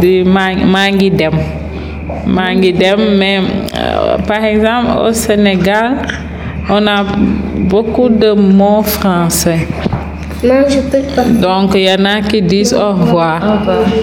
di maa maa ngi dem maa ngi dem mais euh, par exemple au Sénégal on a beaucoup de mots français. Donc il y en a